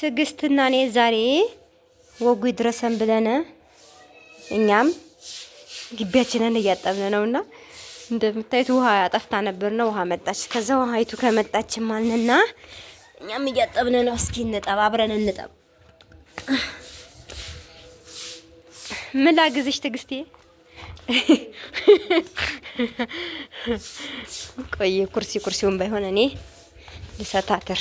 ትዕግስትና እኔ ዛሬ ወጉ ይድረሰን ብለን እኛም ግቢያችንን እያጠብን ነውና እንደምታዩት ውሃ ያጠፍታ ነው ውሃ መጣች። ከዛ ውሃ ይቱ ከመጣች ማልንና እኛም እያጠብን ነው። እስኪ እንጠብ፣ አብረን እንጠብ። ምን ላግዝሽ ትዕግስቴ? ቆይ ኩርሲ ኩርሲውን ባይሆን እኔ ልሰታትር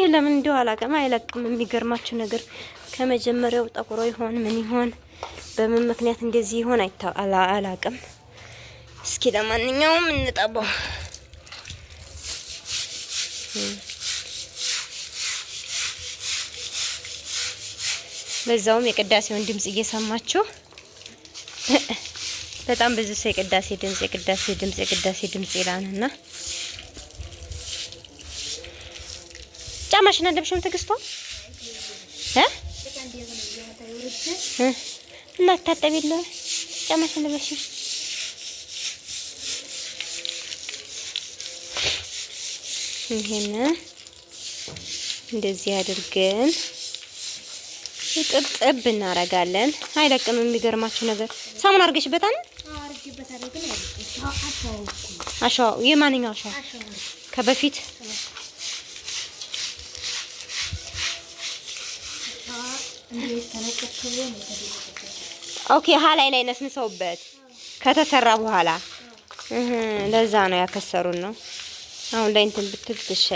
ይሄ ለምን እንደው አላቅም አይለቅም። የሚገርማችሁ ነገር ከመጀመሪያው ጠቁሮ ይሆን ምን ይሆን በምን ምክንያት እንደዚህ ይሆን አላቅም? እስኪ ለማንኛውም እንጠባው። በዛውም የቅዳሴውን ድምጽ እየሰማችሁ በጣም ብዙ ሰው የቅዳሴ ድምጽ የቅዳሴ ድምጽ የቅዳሴ ድምጽ ይላልና ጫማሽን አለብሽም ትግስቷ እ እና ታጠቢ የለ ጫማሽን አለብሽም ይሄን እንደዚህ አድርገን ጥብጥብ እናደርጋለን። አይለቅም። የሚገርማችሁ ነገር ሳሙና አድርገሽበታል። አሸዋው የማንኛው አሸዋ ከበፊት ኦኬ ሀላይ ላይ ነስንሰውበት ከተሰራ በኋላ ለዛ ነው ያከሰሩን ነው። አሁን ላይ እንትን ብትል ትሻ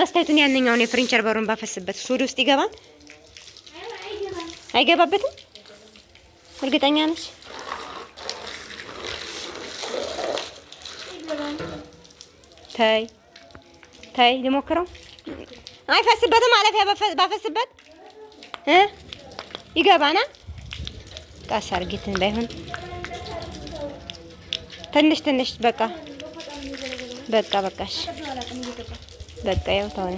መስታየቱን ያንኛውን የፍሪንቸር በሩን ባፈስበት እሱ ወደ ውስጥ ይገባል አይገባበትም? እርግጠኛ ነች? ታይ ታይ ልሞክረው። አይፈስበትም። አለፊያ ባፈስበት ይገባና ጣሳ አርጊት እንዳይሆን ትንሽ ትንሽ በቃ በቃ በቃሽ በቃ ያው ተሆነ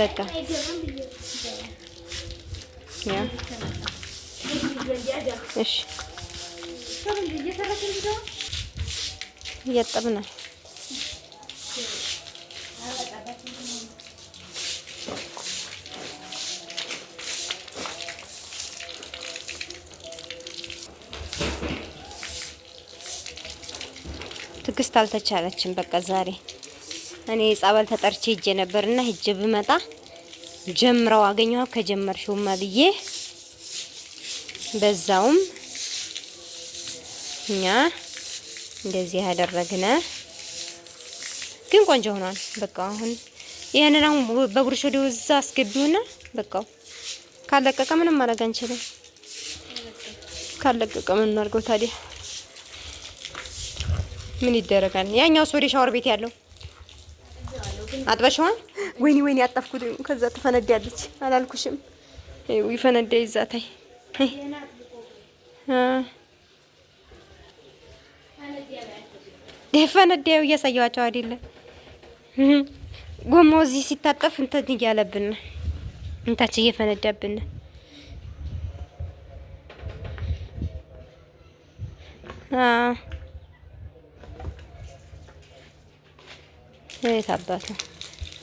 በቃ ያ እሺ እያጠብናል ትግስት አልተቻለችም። በቃ ዛሬ እኔ ጸበል ተጠርቼ ሄጄ ነበርና ሄጄ ብመጣ ጀምረው አገኘዋ ከጀመርሽውማ ብዬ በዛውም እኛ እንደዚህ ያደረግነ ግን ቆንጆ ሆኗል። በቃ አሁን ይሄንን አሁን በቡርሽ ወዲው እዛ አስገቢውና በቃ ካለቀቀ ምንም ማድረግ አንችልም። ካለቀቀ ምን እናድርገው ታዲያ? ምን ይደረጋል? ያኛው ሶሪ ሻወር ቤት ያለው አጥበሽዋል? ወይኔ ወይኔ ያጠፍኩት ከዛ ትፈነዳለች። አላልኩሽም? ይፈነዳ ይዛታይ ፈነዳው እያሳየዋቸው አይደለ? ጎማው እዚህ ሲታጠፍ እንትን እያለብን እንታች እየፈነዳብን አ የት አባቱ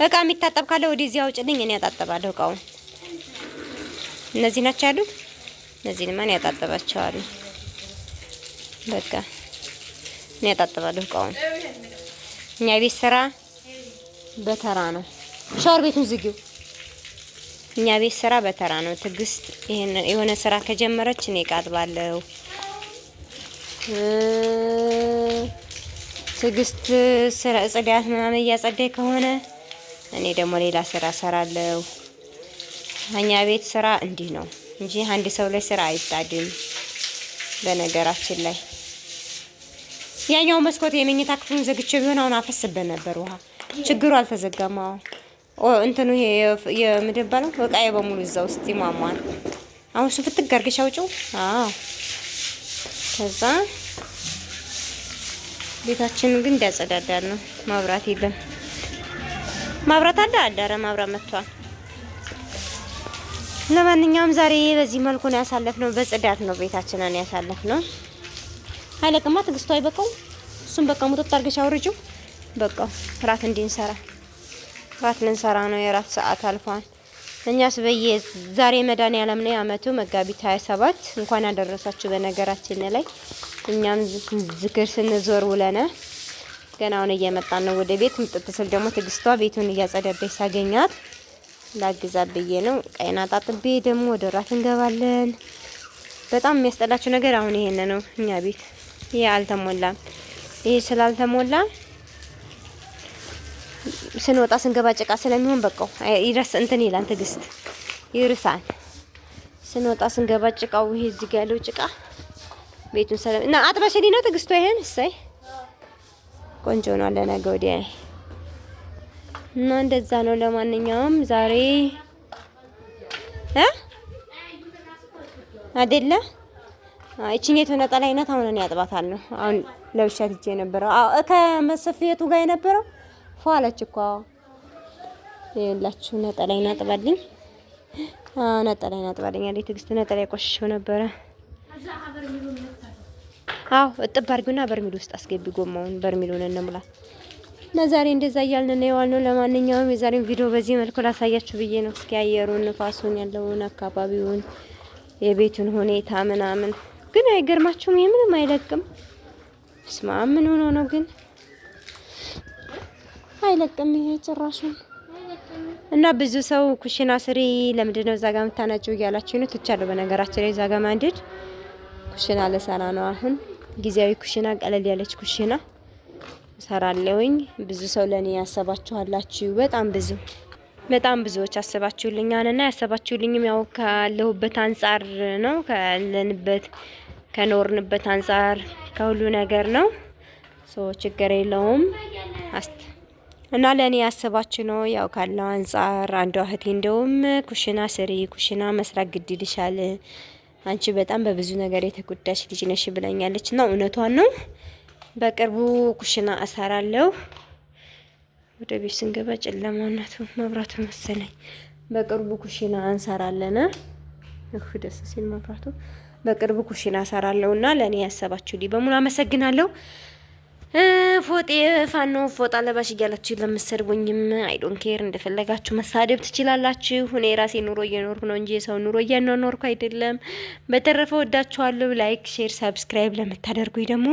እቃ የሚታጠብ ካለ ወደዚህ አውጭልኝ፣ እኔ ያጣጠባለሁ እቃውን። እነዚህ ናቸው ያሉት። እነዚህንማ እኔ ያጣጠባቸዋለሁ። በቃ እኔ ያጣጠባለሁ እቃውን። እኛ ቤት ስራ በተራ ነው። ሻወር ቤቱን ዝጊው። እኛ ቤት ስራ በተራ ነው። ትዕግስት የሆነ ስራ ከጀመረች እኔ እቃ አጥባለሁ። ትዕግስት ጽዳት ምናምን እያጸዳይ ከሆነ እኔ ደግሞ ሌላ ስራ ሰራለሁ። እኛ ቤት ስራ እንዲህ ነው እንጂ አንድ ሰው ላይ ስራ አይጣድም። በነገራችን ላይ ያኛው መስኮት የመኝታ ክፍሉን ዘግቼ ቢሆን አሁን አፈስበት ነበር ውሃ። ችግሩ አልተዘጋማው እንትኑ የምድብ ባለው በሙሉ እዛ ውስጥ ይሟሟል። አሁን እሱን ፍትግ ውጭው ከዛ ቤታችንን ግን እንዲያጸዳዳል ነው። ማብራት የለም። ማብራት አለ አዳረ ማብራት መጥቷል። ለማንኛውም ዛሬ በዚህ መልኩ ነው ያሳለፍነው። በጽዳት ነው ቤታችንን ያሳለፍነው። አይለቅማ ትግስቱ አይበቃው። እሱም በቃ ሙጥጥ አድርገሽ አውርጂው። በቃ ራት እንድንሰራ ራት ልንሰራ ነው። የራት ሰዓት አልፏል። እኛስ በየ ዛሬ መድኃኔዓለም ነው የዓመቱ መጋቢት 27 እንኳን አደረሳችሁ። በነገራችን ላይ እኛም ዝክር ስንዞር ውለነ ገና አሁን እየመጣን ነው ወደ ቤት። ምጥጥ ስል ደግሞ ትዕግስቷ ቤቱን እያጸደበች ሳገኛት ላግዛ ብዬ ነው። ቀይና ጣጥቤ ደግሞ ወደ ራት እንገባለን። በጣም የሚያስጠላቸው ነገር አሁን ይሄን ነው። እኛ ቤት ይሄ አልተሞላም። ይሄ ስላልተሞላ ስንወጣ ስንገባ ጭቃ ስለሚሆን በቃው ይረስ እንትን ይላል ትግስት ይርሳል። ስንወጣ ስንገባ ጭቃው ይሄ እዚህ ያለው ጭቃ ቤቱን ሰላም እና አጥበሽልኝ ነው ትዕግስቷ። ይሄን እሰይ ቆንጆ ነው ለነገ ወዲያ እና እንደዛ ነው። ለማንኛውም ዛሬ እ አይደለ እቺን የተነጠላ አይነት አሁን እኔ አጥባታለሁ። አሁን ለብሻት እጄ የነበረው ከመሰፊየቱ ጋር የነበረው ፏለች እኮ ይላችሁ ነጠላይን አጥባልኝ፣ ነጠላይን አጥባልኝ አለኝ ትዕግስት። ነጠላ ቆሽሽው ነበረ። አዎ እጥብ አድርጊውና በርሚል ውስጥ አስገቢ ጎማውን። በርሚሉን እንሙላ እና እንደዛ እያልን ነው የዋልነው። ለማንኛውም የዛሬን ቪዲዮ በዚህ መልኩ ላሳያችሁ ብዬ ነው። እስኪ አየሩን፣ ንፋሱን፣ ያለውን አካባቢውን፣ የቤቱን ሁኔታ ምናምን ግን አይገርማችሁም? ምንም አይለቅም። ስማ ምን ሆኖ ነው ግን አይለቅም? ይሄ ጭራሹን እና ብዙ ሰው ኩሽና ስሪ ለምንድን ነው እዛ ጋር የምታናጭው እያላችሁ ነው ትቻለሁ። በነገራችን ላይ እዛ ጋር ማንድድ ኩሽና ለሰራ ነው። አሁን ጊዜያዊ ኩሽና፣ ቀለል ያለች ኩሽና ሰራለውኝ። ብዙ ሰው ለእኔ ያሰባችኋላችሁ፣ በጣም ብዙ በጣም ብዙዎች አስባችሁልኛልና ያሰባችሁልኝም ያው ካለሁበት አንጻር ነው ካለንበት ከኖርንበት አንጻር ከሁሉ ነገር ነው። ሶ ችግር የለውም አስት እና ለእኔ ያሰባችሁ ነው። ያው ካለው አንጻር አንዷ እህቴ እንደውም ኩሽና ስሪ፣ ኩሽና መስራት ግድ ይልሻል አንቺ በጣም በብዙ ነገር የተጎዳሽ ልጅ ነሽ ብለኛለች እና እውነቷን ነው። በቅርቡ ኩሽና እሰራለሁ። ወደ ቤት ስንገባ ጨለማነቱ መብራቱ መሰለኝ። በቅርቡ ኩሽና እንሰራለን። ደስ ሲል መብራቱ። በቅርቡ ኩሽና እሰራለሁና ለእኔ ያሰባችሁ በሙሉ አመሰግናለሁ። ፎጥ የፋኖ ፎጣ ለባሽ እያላችሁ ለምሰድቡኝም አይዶን ኬር እንደፈለጋችሁ መሳደብ ትችላላችሁ። እኔ ራሴ ኑሮ እየኖርኩ ነው እንጂ የሰው ኑሮ እያኗኗርኩ አይደለም። በተረፈ ወዳችኋለሁ። ላይክ፣ ሼር፣ ሰብስክራይብ ለምታደርጉኝ ደግሞ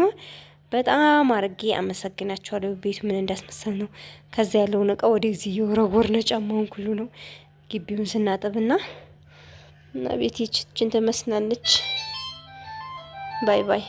በጣም አርጌ አመሰግናችኋለሁ። ቤቱ ምን እንዳስመሰል ነው። ከዛ ያለውን እቃ ወደዚህ እየወረወር ነው። ጫማውን ሁሉ ነው ግቢውን ስናጥብና እና ቤት ቤቴችን ትመስላለች። ባይ ባይ